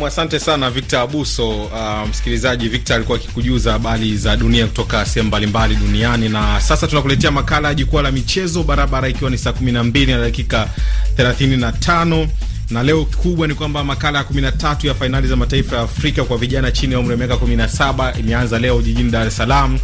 Nam, asante sana Victor Abuso. Uh, msikilizaji, Victor alikuwa akikujuza habari za dunia kutoka sehemu mbalimbali duniani, na sasa tunakuletea makala ya jukwaa la michezo barabara, ikiwa ni saa kumi na dakika 35 na leo kubwa ni kwamba makala ya tatu ya fainali za mataifa ya Afrika kwa vijana chini ya umri wa miaka saba imeanza leo jijini Dar es Salaam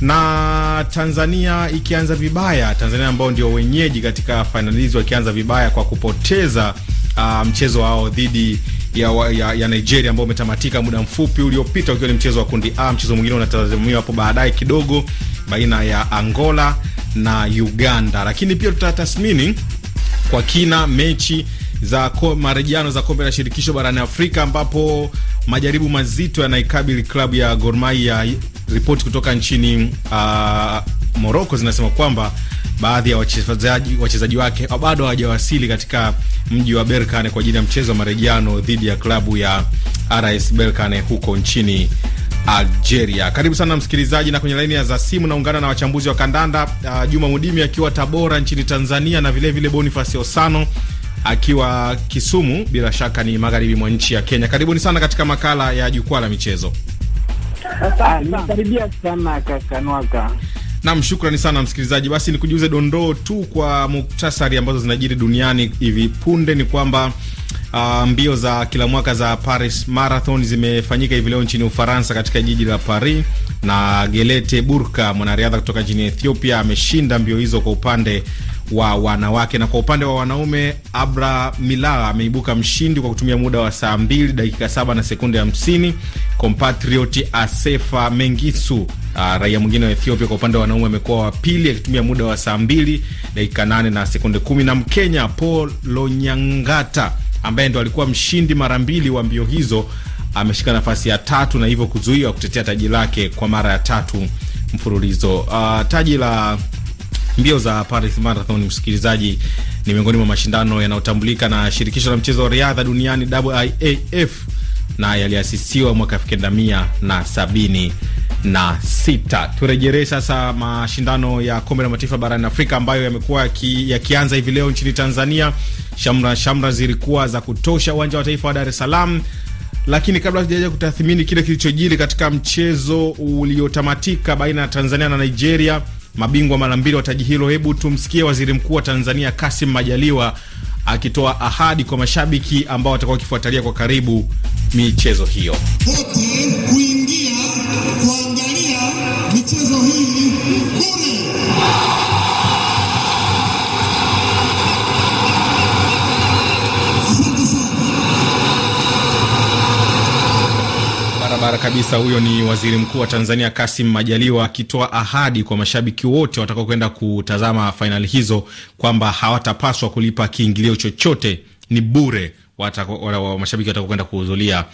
na Tanzania ikianza vibaya. Tanzania ambao ndio wenyeji katika fainali hizi wakianza vibaya kwa kupoteza uh, mchezo wao dhidi ya, ya, ya Nigeria ambao umetamatika muda mfupi uliopita ukiwa ni mchezo wa kundi A. Mchezo mwingine unatazamiwa hapo baadaye kidogo baina ya Angola na Uganda, lakini pia tutatathmini kwa kina mechi za marejiano za kombe la shirikisho barani Afrika ambapo majaribu mazito yanaikabili klabu ya Gor Mahia. Ripoti kutoka nchini uh, Morocco zinasema kwamba baadhi ya wachezaji wachezaji wake bado hawajawasili katika mji wa Berkane kwa ajili ya mchezo wa marejiano dhidi ya klabu ya RS Berkane huko nchini Algeria. Karibu sana msikilizaji, na kwenye laini za simu naungana na wachambuzi wa kandanda uh, Juma Mudimi akiwa Tabora nchini Tanzania na vilevile Boniface Osano akiwa Kisumu, bila shaka ni magharibi mwa nchi ya Kenya. Karibuni sana katika makala ya jukwaa la michezo. Karibia sana Nwaka. Nam, shukrani sana msikilizaji. Basi nikujuze dondoo tu kwa muktasari ambazo zinajiri duniani hivi punde ni kwamba Uh, mbio za kila mwaka za Paris Marathon zimefanyika hivi leo nchini Ufaransa katika jiji la Paris, na Gelete Burka mwanariadha kutoka nchini Ethiopia ameshinda mbio hizo kwa upande wa wanawake, na kwa upande wa wanaume Abra Milala ameibuka mshindi kwa kutumia muda wa saa 2 dakika 7 na sekunde 50. Compatrioti Asefa Mengisu Uh, raia mwingine wa Ethiopia kwa upande wa wanaume amekuwa wa pili akitumia muda wa saa mbili dakika nane na sekunde kumi na Mkenya Paul Lonyangata ambaye ndo alikuwa mshindi mara mbili wa mbio hizo ameshika nafasi ya tatu na hivyo kuzuiwa kutetea taji lake kwa mara ya tatu mfululizo. Uh, taji la mbio za Paris Marathon, msikilizaji, ni miongoni mwa mashindano yanayotambulika na shirikisho la mchezo wa riadha duniani WIAF na yaliasisiwa mwaka elfu kenda mia na sabini na sita. Turejelee sasa mashindano ya kombe la mataifa barani Afrika ambayo yamekuwa yakianza hivi leo nchini Tanzania. Shamra shamra zilikuwa za kutosha uwanja wa taifa wa Dar es Salaam, lakini kabla hatujaja kutathmini kile kilichojiri katika mchezo uliotamatika baina ya Tanzania na Nigeria, mabingwa mara mbili wa taji hilo, hebu tumsikie Waziri Mkuu wa Tanzania Kasim Majaliwa akitoa ahadi kwa mashabiki ambao watakuwa wakifuatilia kwa karibu michezo hiyo. Pote, kuangalia michezo hii Barabara kabisa. Huyo ni waziri mkuu wa Tanzania Kasim Majaliwa akitoa ahadi kwa mashabiki wote watakaokwenda kutazama fainali hizo kwamba hawatapaswa kulipa kiingilio chochote, ni bure mashabiki watakaokwenda kuhudhuria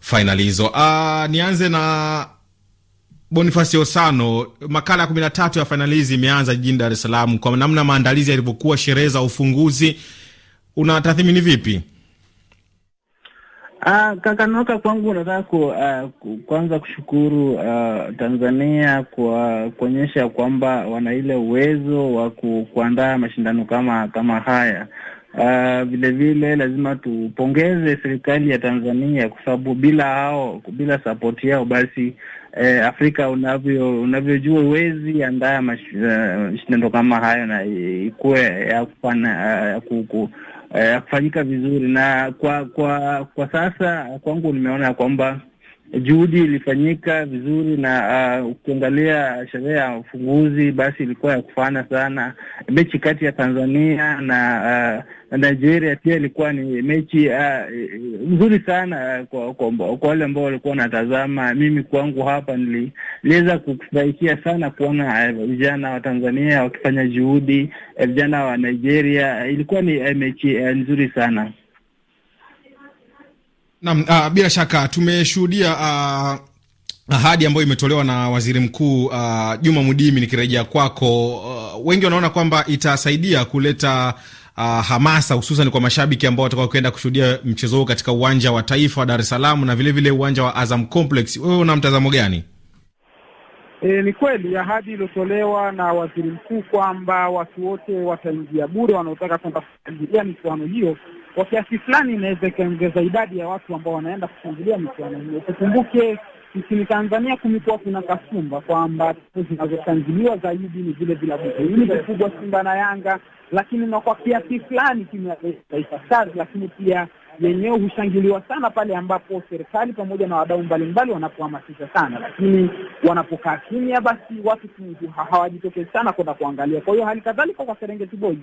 fainali hizo. Ah, nianze na Bonifasi Osano, makala ya kumi na tatu ya Fainalizi imeanza jijini Dar es Salaam. Kwa namna maandalizi yalivyokuwa, sherehe za ufunguzi, unatathmini vipi? Ah, kakanoka kwangu nataka ku, uh, kwanza kushukuru uh, Tanzania kwa kuonyesha kwamba wana ile uwezo wa kuandaa mashindano kama kama haya. Uh, vile vile lazima tupongeze serikali ya Tanzania kwa sababu bila hao, bila sapoti yao basi eh, Afrika unavyojua uwezi huwezi andaa e, mashindano uh, kama hayo na ikuwe ya kufana, uh, kufanyika vizuri na kwa kwa kwa sasa kwangu nimeona kwamba juhudi ilifanyika vizuri na uh, ukiangalia sherehe ya ufunguzi basi ilikuwa ya kufana sana. Mechi kati ya Tanzania na uh, Nigeria pia ilikuwa ni mechi uh, nzuri sana uh, kwa kwa wale ambao walikuwa wanatazama. Mimi kwangu hapa niliweza kufurahikia sana kuona uh, vijana uh, wa Tanzania wakifanya juhudi, uh, vijana uh, wa Nigeria. Ilikuwa ni uh, mechi uh, nzuri sana. Naam, uh, bila shaka tumeshuhudia uh ahadi ambayo imetolewa na waziri mkuu uh, Juma Mudimi. Nikirejea kwako, uh, wengi wanaona kwamba itasaidia kuleta uh, hamasa hususan kwa mashabiki ambao watakuwa kwenda kushuhudia mchezo huo katika uwanja wa taifa wa Dar es Salaam na vilevile vile uwanja wa Azam Complex. Wewe una mtazamo gani? E, ni kweli ahadi iliyotolewa na waziri mkuu kwamba watu wote wataingia bure wanaotaka kwenda kuingilia michuano hiyo kwa kiasi fulani inaweza ikaongeza idadi ya watu ambao wanaenda kushangilia michuano hiyo. Tukumbuke nchini Tanzania kumekuwa kuna kasumba kwamba zinazoshangiliwa zaidi ni vile vilabu viwili vikubwa, Simba na Yanga, lakini na kwa kiasi fulani timu ya Taifa Stars, lakini pia yenyewe hushangiliwa sana pale ambapo serikali pamoja na wadau mbalimbali wanapohamasisha sana, lakini wanapokaa kimya, basi watu hawajitokezi sana kwenda kuangalia. Kwa hiyo hali kadhalika kwa Serengeti Boys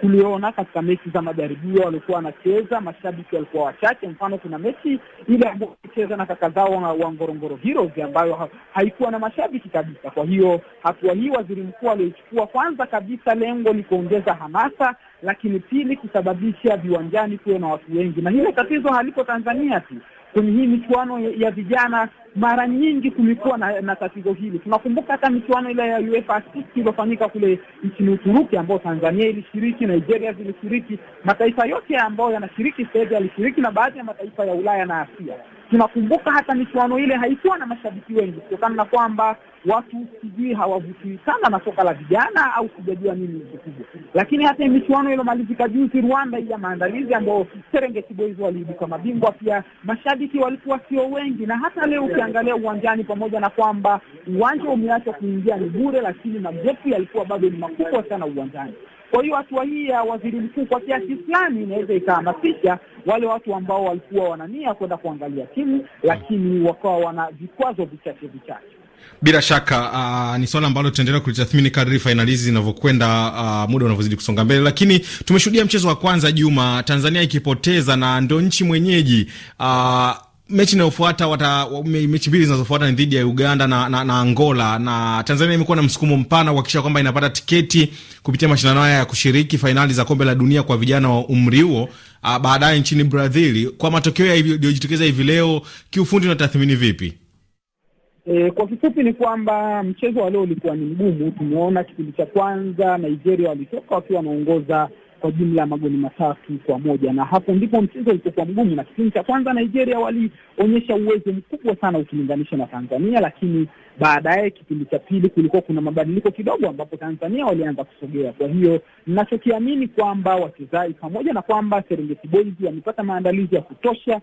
tuliona katika mechi za majaribio waliokuwa wanacheza, mashabiki walikuwa wachache. Mfano, kuna mechi ile ambayo wanacheza na kaka zao wa Ngorongoro Heroes ambayo ha haikuwa na mashabiki kabisa. Kwa hiyo hatua hii waziri mkuu aliochukua kwanza kabisa lengo ni kuongeza hamasa lakini pili kusababisha viwanjani kuwe na watu wengi, na hilo tatizo haliko Tanzania tu kwenye hii michuano ya vijana mara nyingi kumekuwa na, na tatizo hili. Tunakumbuka hata michuano ile ya UEFA iliyofanyika kule nchini Uturuki ambayo Tanzania ilishiriki, Nigeria zilishiriki, mataifa yote ambayo yanashiriki sasa hivi yalishiriki, na baadhi ya mataifa ya Ulaya na Asia tunakumbuka hata michuano ile haikuwa na mashabiki wengi kutokana na kwamba watu sijui hawavutiwi sana na soka la vijana au sijajua nini kikubwa. Lakini hata michuano iliyomalizika juzi Rwanda, ile ya maandalizi ambayo Serengeti Boys waliibuka mabingwa, pia mashabiki walikuwa sio wengi. Na hata leo ukiangalia uwanjani, pamoja na kwamba uwanja umeachwa kuingia ni bure, lakini majefu yalikuwa bado ni makubwa sana uwanjani. Kwa hiyo hatua hii ya waziri mkuu kwa kiasi fulani inaweza ikahamasisha wale watu ambao walikuwa wanania kwenda kuangalia timu, lakini wakawa wana vikwazo vichache vichache. Bila shaka uh, ni swala ambalo tutaendelea kulitathmini kadri fainali hizi zinavyokwenda, uh, muda unavyozidi kusonga mbele. Lakini tumeshuhudia mchezo wa kwanza Juma, Tanzania ikipoteza na ndio nchi mwenyeji uh, mechi inayofuata wata, mechi mbili zinazofuata ni dhidi ya Uganda na, na, na Angola na Tanzania imekuwa na msukumo mpana kuhakikisha kwamba inapata tiketi kupitia mashindano haya ya kushiriki fainali za kombe la dunia kwa vijana wa umri huo baadaye nchini Brazil. Kwa matokeo yaliyojitokeza hivi leo, kiufundi unatathmini vipi? E, kwa kifupi ni kwamba mchezo wa leo ulikuwa ni mgumu. Tumeona kipindi cha kwanza Nigeria walitoka wakiwa wanaongoza kwa jumla ya magoli matatu kwa moja, na hapo ndipo mchezo ulipokuwa mgumu. Na kipindi cha kwanza Nigeria walionyesha uwezo mkubwa sana ukilinganisha na Tanzania, lakini Baadaye kipindi cha pili kulikuwa kuna mabadiliko kidogo, ambapo Tanzania walianza kusogea. Kwa hiyo ninachokiamini kwamba wachezaji, pamoja na kwamba Serengeti Boys wamepata maandalizi ya kutosha,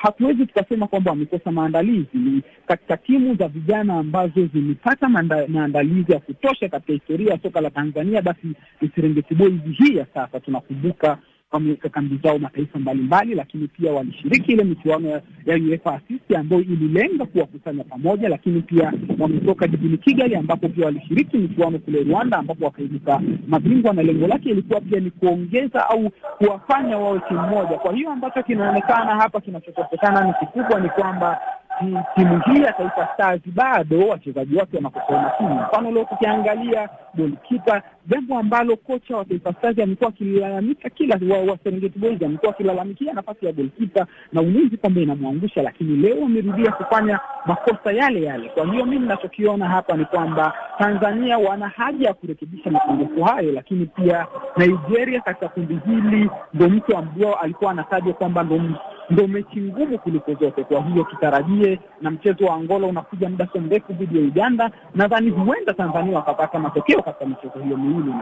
hatuwezi tukasema kwamba wamekosa maandalizi. Ni katika timu za vijana ambazo zimepata maandalizi ya kutosha katika historia ya soka la Tanzania, basi ni Serengeti Boys hii ya sasa. Tunakumbuka wameweka kambi zao mataifa mbalimbali, lakini pia walishiriki ile michuano ya UEFA Asisi ambayo ililenga kuwakusanya pamoja, lakini pia wametoka jijini Kigali ambapo pia walishiriki michuano kule Rwanda ambapo wakaibuka mabingwa, na lengo lake ilikuwa pia ni kuongeza au kuwafanya wawe timu moja. Kwa hiyo ambacho kinaonekana hapa kinachokosekana ni kikubwa, ni kwamba timu hii ya Taifa Stars bado wachezaji wake wanakosa makini. Mfano leo tukiangalia golikipa, jambo ambalo kocha wa Taifa Stars amekuwa akilalamika kila wa, wa Serengeti Boys amekuwa akilalamikia nafasi ya golikipa na ulinzi kwamba inamwangusha, lakini leo amerudia kufanya makosa yale yale. Kwa hiyo mi ninachokiona hapa ni kwamba Tanzania wana haja ya kurekebisha mapungufu hayo, lakini pia Nigeria katika kundi hili ndo mtu ambao alikuwa anatajwa kwamba ndo ndo mechi ngumu kuliko zote. Kwa hiyo tutarajie, na mchezo wa Angola unakuja muda sio mrefu dhidi ya Uganda. Nadhani huenda Tanzania wakapata matokeo katika michezo hiyo miwili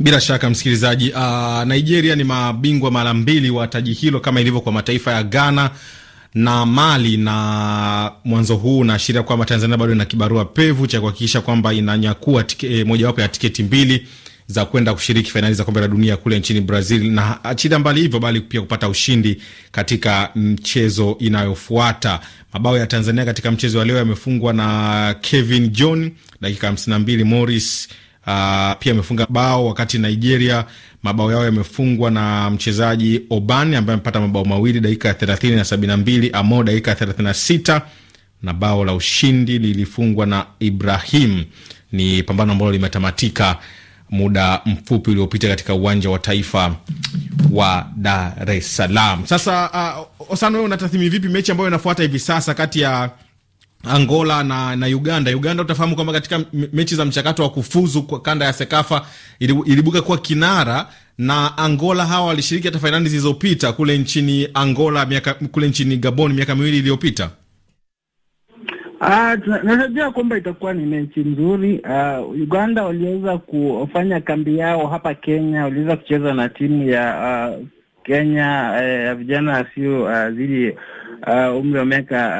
Bila shaka msikilizaji, uh, Nigeria ni mabingwa mara mbili wa taji hilo kama ilivyo kwa mataifa ya Ghana na Mali, na mwanzo huu unaashiria kwamba Tanzania bado ina kibarua pevu cha kuhakikisha kwamba inanyakua eh, mojawapo ya tiketi mbili za kwenda kushiriki fainali za kombe la dunia kule nchini Brazil, na chida mbali hivyo, bali pia kupata ushindi katika mchezo inayofuata. Mabao ya Tanzania katika mchezo wa leo yamefungwa na Kevin John dakika 52, Morris Uh, pia amefunga bao wakati Nigeria mabao yao yamefungwa na mchezaji Oban ambaye amepata mabao mawili dakika ya thelathini na sabini mbili Amo dakika ya thelathini na sita na bao la ushindi lilifungwa na Ibrahim. Ni pambano ambalo limetamatika muda mfupi uliopita katika uwanja wa taifa wa Dar es Salaam. Sasa uh, Osano, wewe unatathmini vipi mechi ambayo inafuata hivi sasa kati ya Angola na, na Uganda. Uganda utafahamu kwamba katika mechi za mchakato wa kufuzu kwa kanda ya Sekafa ilibuka kuwa kinara na Angola. Hawa walishiriki hata fainali zilizopita kule nchini Angola miaka, kule nchini Gabon miaka miwili iliyopita. Ah, Natarajia kwamba itakuwa ni mechi nzuri. Uh, Uganda waliweza kufanya kambi yao hapa Kenya, waliweza kucheza na timu ya uh, Kenya eh, ya uh, vijana sio uh, zidi uh, umri wa miaka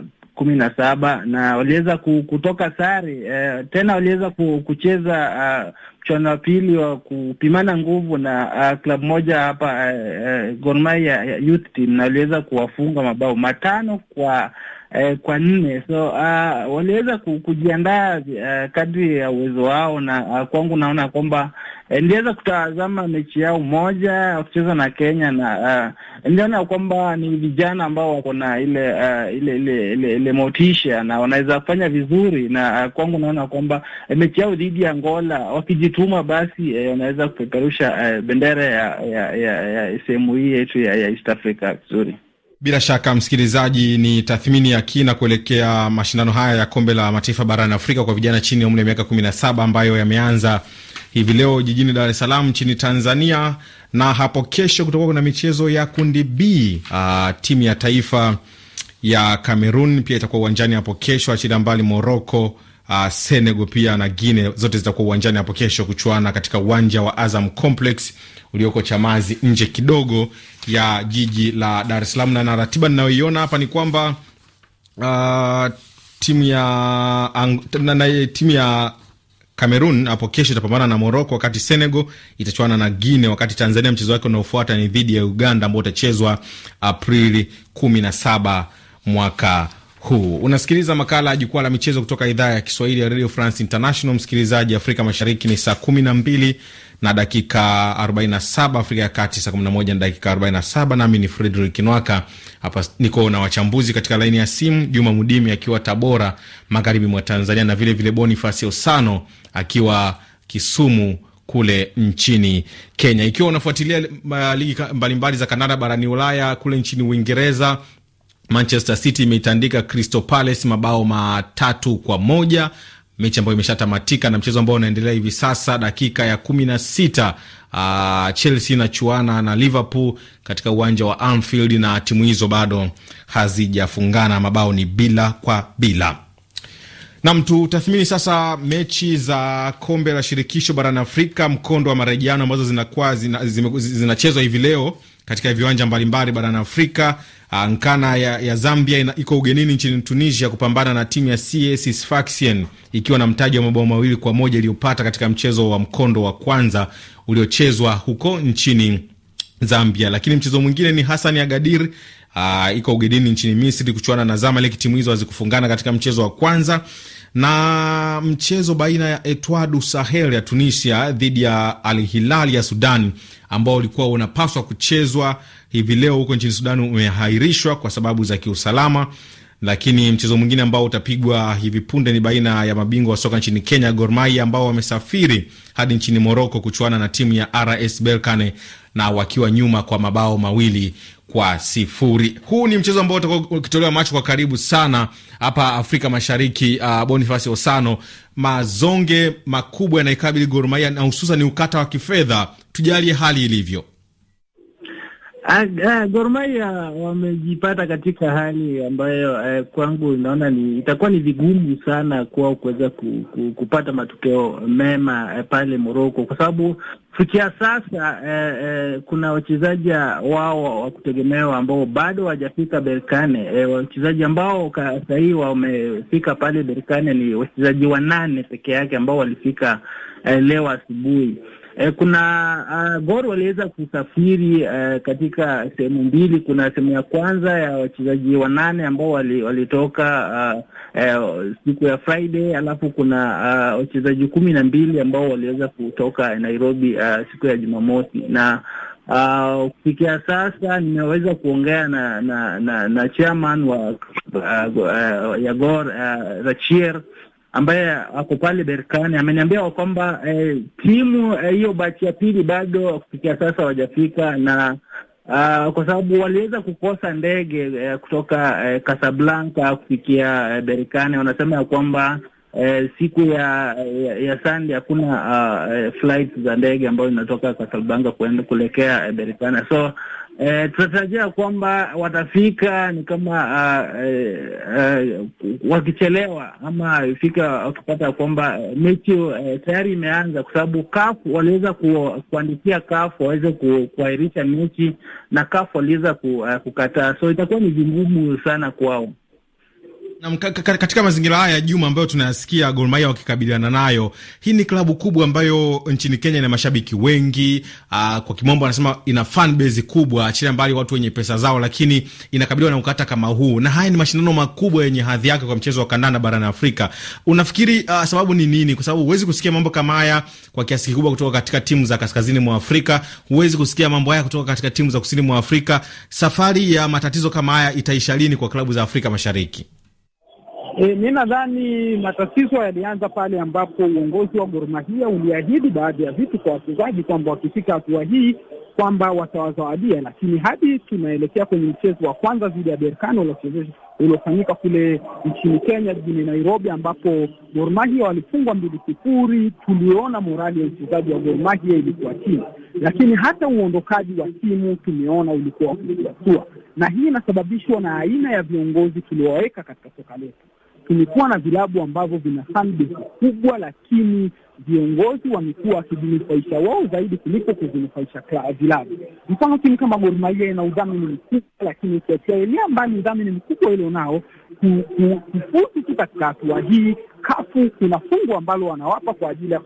uh, kumi na saba na waliweza kutoka sare uh, tena waliweza kucheza uh, mchuano wa pili wa kupimana nguvu na uh, klabu moja hapa uh, uh, Gor Mahia Youth Team na waliweza kuwafunga mabao matano kwa eh, kwa nne. So uh, waliweza kujiandaa uh, kadri ya uwezo wao, na uh, kwangu naona kwamba eh, niliweza kutazama mechi yao moja wakicheza na Kenya na uh, niliona kwamba ni vijana ambao wako na ile, uh, ile ile ile ile motisha na wanaweza kufanya vizuri, na uh, kwangu naona kwamba eh, mechi yao dhidi ya Angola wakijituma, basi eh, wanaweza kupeperusha eh, bendera ya ya, ya, ya sehemu hii yetu ya, ya East Africa vizuri. Bila shaka msikilizaji, ni tathmini ya kina kuelekea mashindano haya ya kombe la mataifa barani Afrika kwa vijana chini ya umri wa miaka 17 ambayo yameanza hivi leo jijini Dar es Salaam nchini Tanzania, na hapo kesho kutakuwa kuna michezo ya kundi B. Uh, timu ya taifa ya Cameroon pia itakuwa uwanjani hapo kesho, achilia mbali Morocco, uh, Senegal pia na Guinea, zote zitakuwa uwanjani hapo kesho kuchuana katika uwanja wa Azam Complex ulioko Chamazi, nje kidogo ya jiji la Dar es Salaam. Na ratiba ninayoiona hapa ni kwamba uh, timu ya ang, na, na, timu ya Cameroon hapo kesho itapambana na Morocco, wakati Senegal itachuana na Guinea, wakati Tanzania mchezo wake unaofuata ni dhidi ya Uganda ambao utachezwa Aprili 17 mwaka huu. Unasikiliza makala ya jukwaa la michezo kutoka idhaa ya Kiswahili ya Radio France International. Msikilizaji Afrika Mashariki ni saa 12 na dakika 47 Afrika ya Kati, saa 11 na dakika 47. Nami ni Fredrik Nwaka, hapa niko na wachambuzi katika laini ya simu, Juma Mudimi akiwa Tabora, magharibi mwa Tanzania, na vilevile Bonifasi Osano akiwa Kisumu kule nchini Kenya. Ikiwa unafuatilia uh, ligi mbalimbali za Kanada barani Ulaya, kule nchini Uingereza, Manchester City imeitandika Crystal Palace mabao matatu kwa moja mechi ambayo imeshatamatika na mchezo ambao unaendelea hivi sasa, dakika ya kumi na sita uh, Chelsea inachuana na Liverpool katika uwanja wa Anfield na timu hizo bado hazijafungana, mabao ni bila kwa bila. Nam, tutathmini sasa mechi za kombe la shirikisho barani Afrika, mkondo wa marejiano ambazo zinakuwa zinachezwa zina, zina hivi leo katika viwanja mbalimbali barani Afrika. Ankana ah, ya, ya Zambia ina, iko ugenini nchini Tunisia kupambana na timu ya CS Sfaxien ikiwa na mtaji wa mabao mawili kwa moja iliyopata katika mchezo wa mkondo wa kwanza uliochezwa huko nchini Zambia. Lakini mchezo mwingine ni Hasani Agadir uh, ah, iko ugenini nchini Misri kuchuana na Zamalek. Timu hizo hazikufungana katika mchezo wa kwanza na mchezo baina ya Etwadu Sahel ya Tunisia dhidi ya Al Hilal ya Sudan ambao ulikuwa unapaswa kuchezwa hivi leo huko nchini Sudan umehairishwa kwa sababu za kiusalama, lakini mchezo mwingine ambao utapigwa hivi punde ni baina ya mabingwa wa soka nchini Kenya, Gor Mahia, ambao wamesafiri hadi nchini Moroko kuchuana na timu ya RS Berkane na wakiwa nyuma kwa mabao mawili kwa sifuri. Huu ni mchezo ambao utakuwa ukitolewa macho kwa karibu sana hapa Afrika Mashariki. Uh, Boniface Osano, mazonge makubwa yanaikabili Gor Mahia na hususan ni ukata wa kifedha. Tujalie hali ilivyo. Ah, ah, Gor Mahia wamejipata katika hali ambayo eh, kwangu naona ni itakuwa ni vigumu sana kwao kuweza ku, ku, kupata matokeo mema eh, pale Moroko kwa sababu kufikia sasa eh, eh, kuna wachezaji wao wa kutegemewa ambao bado hawajafika Berkane. Eh, wachezaji ambao sahii wamefika pale Berkane ni wachezaji wanane peke yake ambao walifika eh, leo asubuhi. E, kuna uh, Gor waliweza kusafiri uh, katika sehemu mbili. Kuna sehemu ya kwanza ya wachezaji wanane ambao walitoka uh, uh, siku ya Friday, alafu kuna uh, wachezaji kumi na mbili ambao waliweza kutoka Nairobi uh, siku ya Jumamosi na Uh, kufikia sasa nimeweza kuongea na na na, na chairman wa uh, uh, ya Gor uh, Rachier ambaye ako pale Berkane ameniambia kwamba eh, timu eh, hiyo eh, bachi ya pili bado kufikia sasa wajafika na Uh, kwa sababu waliweza kukosa ndege eh, kutoka eh, Casablanca kufikia eh, Berikane. Wanasema ya kwamba eh, siku ya ya, ya Sunday hakuna uh, eh, flight za ndege ambayo inatoka Kasalbanga kuenda kuelekea Berikana so Eh, tunatarajia kwamba watafika ni kama uh, uh, uh, wakichelewa ama ifika wakipata kwamba mechi uh, tayari imeanza, kwa sababu CAF waliweza ku, kuandikia CAF waweze ku, kuahirisha mechi na CAF waliweza ku, uh, kukataa, so itakuwa ni vigumu sana kwao. Na katika mazingira haya ya Juma ambayo tunayasikia Gor Mahia wakikabiliana nayo, hii ni klabu kubwa ambayo nchini Kenya ina mashabiki wengi aa, ah, kwa kimombo anasema ina fan base kubwa, achilia mbali watu wenye pesa zao, lakini inakabiliwa na ukata kama huu, na haya ni mashindano makubwa yenye hadhi yake kwa mchezo wa kandanda barani Afrika. Unafikiri aa, ah, sababu ni nini? Kwa sababu huwezi kusikia mambo kama haya kwa kiasi kikubwa kutoka katika timu za kaskazini mwa Afrika, huwezi kusikia mambo haya kutoka katika timu za kusini mwa Afrika. Safari ya matatizo kama haya itaisha lini kwa klabu za Afrika Mashariki? E, mi nadhani matatizo yalianza pale ambapo uongozi wa Gor Mahia uliahidi baadhi ya vitu kwa wachezaji kwamba wakifika hatua hii kwamba watawazawadia, lakini hadi tunaelekea kwenye mchezo wa kwanza dhidi ya Berkane uliofanyika kule nchini Kenya jijini Nairobi, ambapo Gor Mahia walifungwa mbili sifuri. Tuliona morali ya uchezaji wa Gor Mahia ilikuwa chini, lakini hata uondokaji wa timu tumeona ulikuwa wa kusuasua, na hii inasababishwa na aina ya viongozi tuliowaweka katika soka letu tumekuwa na vilabu ambavyo vina fanbase kubwa, lakini viongozi wamekuwa wakijinufaisha wao zaidi kuliko kuzinufaisha vilabu. Mfano, timu kama Gor Mahia ina udhamini mkubwa, lakini ukiachilia mbali udhamini mkubwa ile nao kufuzu tu katika hatua hii, kafu kuna fungu ambalo wanawapa kwa ajili ya,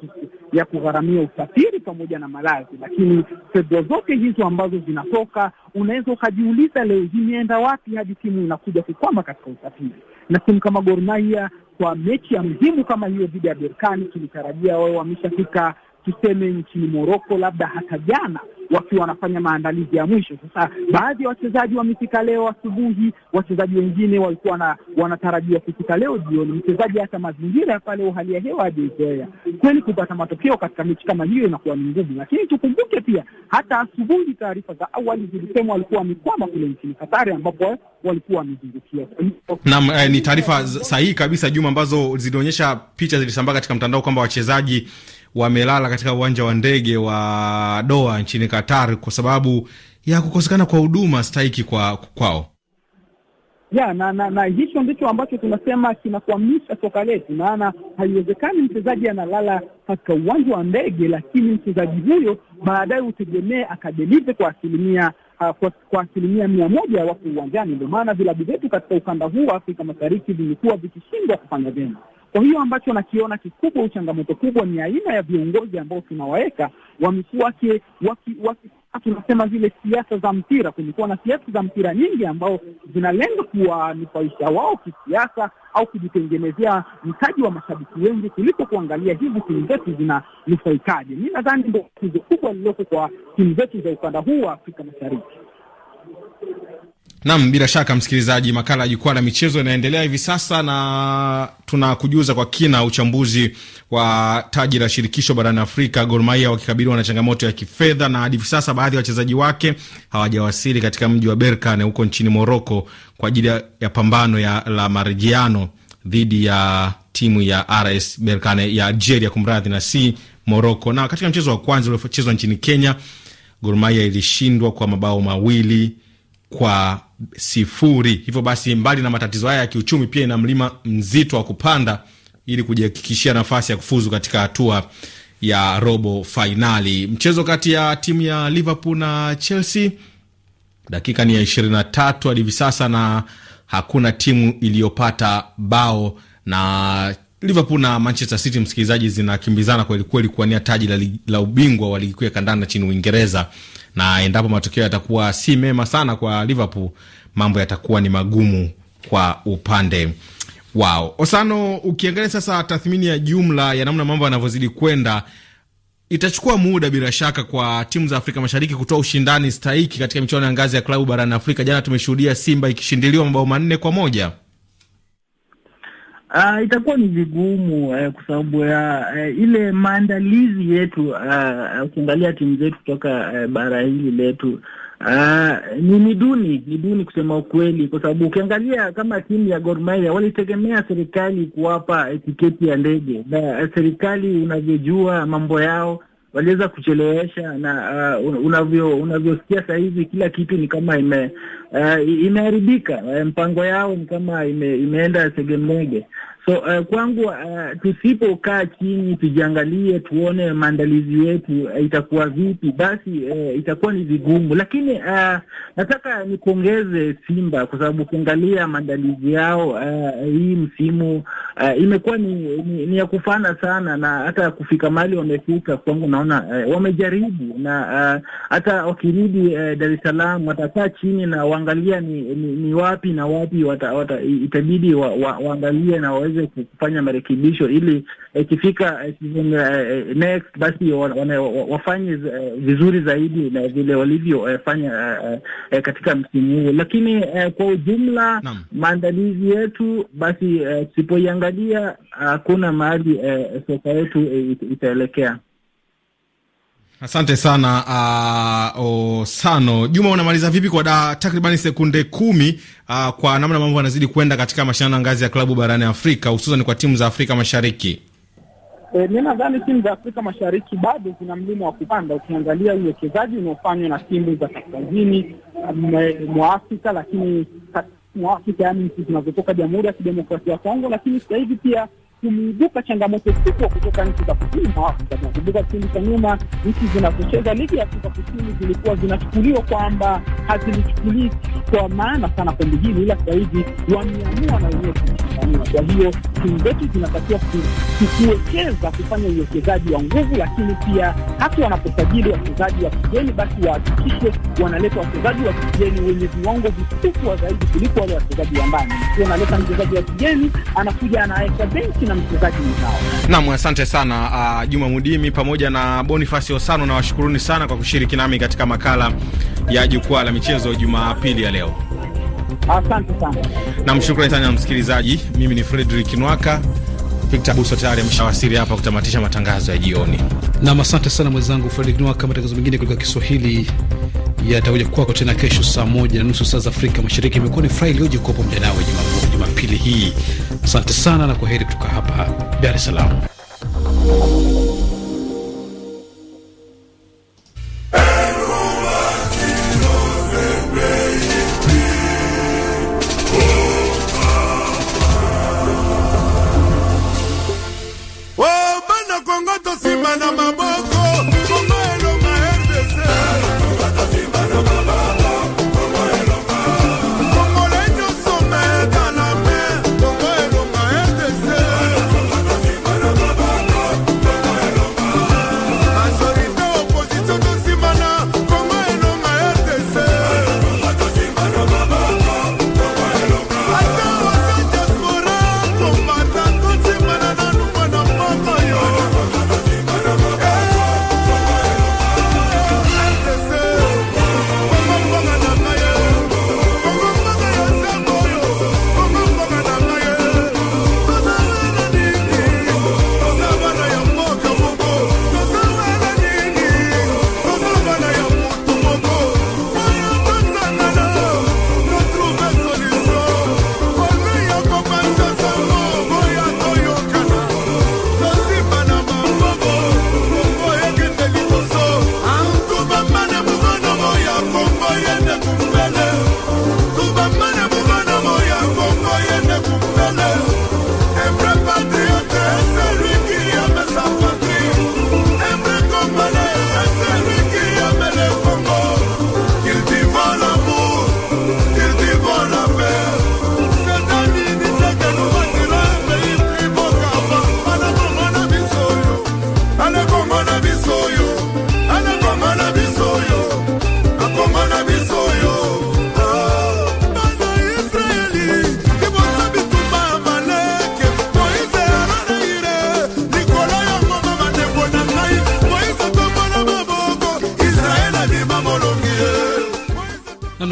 ya kugharamia usafiri pamoja na malazi. Lakini fedha zote hizo ambazo zinatoka, unaweza ukajiuliza leo zimeenda wapi hadi timu inakuja kukwama katika usafiri na timu kama Gor Mahia kwa mechi ya muhimu kama hiyo dhidi ya Berkane, tulitarajia wao wameshafika tuseme nchini Moroko, labda hata jana, wakiwa wanafanya maandalizi ya mwisho. Sasa baadhi ya wachezaji wamefika leo asubuhi, wachezaji wengine walikuwa na, wanatarajiwa kufika leo jioni. Mchezaji hata mazingira ya pale, hali ya hewa ajezoea kweli, kupata matokeo katika mechi kama hiyo inakuwa ni ngumu. Lakini tukumbuke pia hata asubuhi, taarifa za awali zilisema walikuwa wamekwama kule nchini Katari ambapo walikuwa wamezungukia. Naam, eh, ni taarifa sahihi kabisa Juma, ambazo zilionyesha picha zilisambaa katika mtandao kwamba wachezaji wamelala katika uwanja wa ndege wa Doha nchini Qatar kwa sababu ya kukosekana kwa huduma stahiki kwa kwao. Ya, na, na, na hicho ndicho ambacho tunasema kinakwamisha soka letu, maana haiwezekani mchezaji analala katika uwanja wa ndege, lakini mchezaji huyo baadaye utegemee akadelive kwa asilimia ah, kwa, kwa asilimia mia moja ya wako uwanjani. Ndio maana vilabu vyetu katika ukanda huu wa Afrika Mashariki vimekuwa vikishindwa kufanya vyema. Kwa hiyo ambacho nakiona kikubwa, changamoto kubwa ni aina ya viongozi ambao tunawaweka, wamekuwa waki, tunasema zile siasa za mpira. kumekuwa na siasa za mpira nyingi ambao zinalenga kuwanufaisha wao kisiasa au kujitengenezea mtaji wa mashabiki wengi kuliko kuangalia hivi timu zetu zinanufaikaje. Mi nadhani ndo tatizo kubwa lililoko kwa timu zetu za ukanda huu wa Afrika Mashariki. Nam, bila shaka msikilizaji, makala ya jukwaa la michezo inaendelea hivi sasa, na tunakujuza kwa kina uchambuzi wa taji la shirikisho barani Afrika, Gor Mahia wakikabiliwa na changamoto ya kifedha, na hadi hivi sasa baadhi ya wa wachezaji wake hawajawasili katika mji wa Berkane huko nchini Moroko kwa ajili ya pambano ya la marejiano dhidi ya timu ya RS Berkane ya Algeria, kumradhi, na si Moroko. Na katika mchezo wa kwanza uliochezwa nchini Kenya, Gor Mahia ilishindwa kwa mabao mawili kwa sifuri. Hivyo basi, mbali na matatizo haya ya kiuchumi, pia ina mlima mzito wa kupanda ili kujihakikishia nafasi ya kufuzu katika hatua ya robo fainali. Mchezo kati ya timu ya Liverpool na Chelsea dakika ni ya tatu hadi hivi sasa, na hakuna timu iliyopata bao na Liverpool na Manchester City, msikilizaji, zinakimbizana kwelikweli kuwania taji la, la ubingwa wa ligi kuu ya kandanda nchini Uingereza na endapo matokeo yatakuwa si mema sana kwa Liverpool, mambo yatakuwa ni magumu kwa upande wao. Osano, ukiangalia sasa tathmini ya jumla ya namna mambo yanavyozidi kwenda itachukua muda bila shaka kwa timu za Afrika Mashariki kutoa ushindani stahiki katika michuano ya ngazi ya klabu barani Afrika. Jana tumeshuhudia Simba ikishindiliwa mabao manne kwa moja. Uh, itakuwa ni vigumu uh, kwa sababu uh, uh, ile maandalizi yetu ukiangalia uh, timu zetu kutoka uh, bara hili letu uh, ni ni duni, ni duni kusema ukweli, kwa sababu ukiangalia kama timu ya Gor Mahia walitegemea serikali kuwapa tiketi ya ndege na serikali unavyojua mambo yao waliweza kuchelewesha na uh, unavyo unavyosikia sasa hivi kila kitu ni kama ime uh, imeharibika. Mpango yao ni kama ime, imeenda segemnege. So uh, kwangu uh, tusipokaa chini tujiangalie, tuone maandalizi yetu uh, itakuwa vipi, basi uh, itakuwa ni vigumu, lakini uh, nataka nipongeze Simba kwa sababu ukiangalia maandalizi yao uh, hii msimu uh, imekuwa ni, ni, ni ya kufana sana, na hata kufika mali wamefika, kwangu naona uh, wamejaribu, na uh, hata wakirudi uh, Dar es Salaam watakaa chini na waangalia ni, ni, ni wapi na wapi wata, wata, itabidi wa, wa, waangalie na wawe waweze kufanya marekebisho ili eh, ikifika eh, eh, next basi wafanye vizuri zaidi na vile walivyofanya katika msimu huo. Lakini kwa ujumla maandalizi yetu basi, tusipoiangalia hakuna mahali soka yetu itaelekea. Asante sana uh, Osano Juma, unamaliza vipi kwa da takribani sekunde kumi uh, kwa namna mambo yanazidi kuenda katika mashindano ya ngazi ya klabu barani Afrika hususan kwa timu za Afrika Mashariki? E, mi nadhani timu za Afrika Mashariki bado zina mlima wa kupanda, ukiangalia uwekezaji unaofanywa na timu za kaskazini mwa Afrika, lakini mwa Afrika, yani nchi zinazotoka Jamhuri ya Kidemokrasia ya Kongo, lakini sasa hivi pia kuliibuka changamoto kubwa kutoka nchi za kusini mwa Afrika. Tunakumbuka kipindi cha nyuma, nchi zinazocheza ligi ya Afrika Kusini zilikuwa zinachukuliwa kwamba hazilichukulii kwa maana sana kombe hili, ila sasa hivi wameamua na wenyewe kushindaniwa. Kwa hiyo timu zetu zinatakiwa kuwekeza, kufanya uwekezaji wa nguvu, lakini pia hata wanaposajili wachezaji wa kigeni, basi wahakikishe wanaleta wachezaji wa kigeni wenye viwango vikubwa zaidi kuliko wale wachezaji wa ndani. Wanaleta mchezaji wa kigeni anakuja anaweka benchi na mchezaji mwenzao. Naam, asante sana uh, Juma Mudimi pamoja na Bonifasi Osano, na washukuruni sana kwa kushiriki nami katika makala ya jukwaa la michezo Jumapili ya leo. Asante sana. Namshukuru mshukrani sana msikilizaji. Mimi ni Fredrick Nwaka. Victor Buso tayari ameshawasili hapa kutamatisha matangazo ya jioni. Naam, asante sana mwenzangu Fredrick Nwaka. Matangazo mengine katika Kiswahili yatakuja kwako tena kesho saa moja na nusu saa za Afrika Mashariki. Imekuwa ni furaha iliyoje kuwa pamoja nawe Jumapili hii. Asante sana na kwa heri kutoka hapa Dar es Salaam.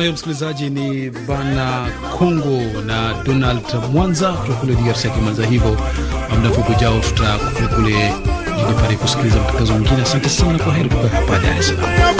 namna hiyo, msikilizaji, ni Bana Kongo na Donald Mwanza kutoka kule DRC akimaliza hivyo. Muda mfupi ujao tutakupeleka kule jijini Paris kusikiliza matangazo mengine. Asante sana, kwa heri kutoka hapa Dar es Salaam.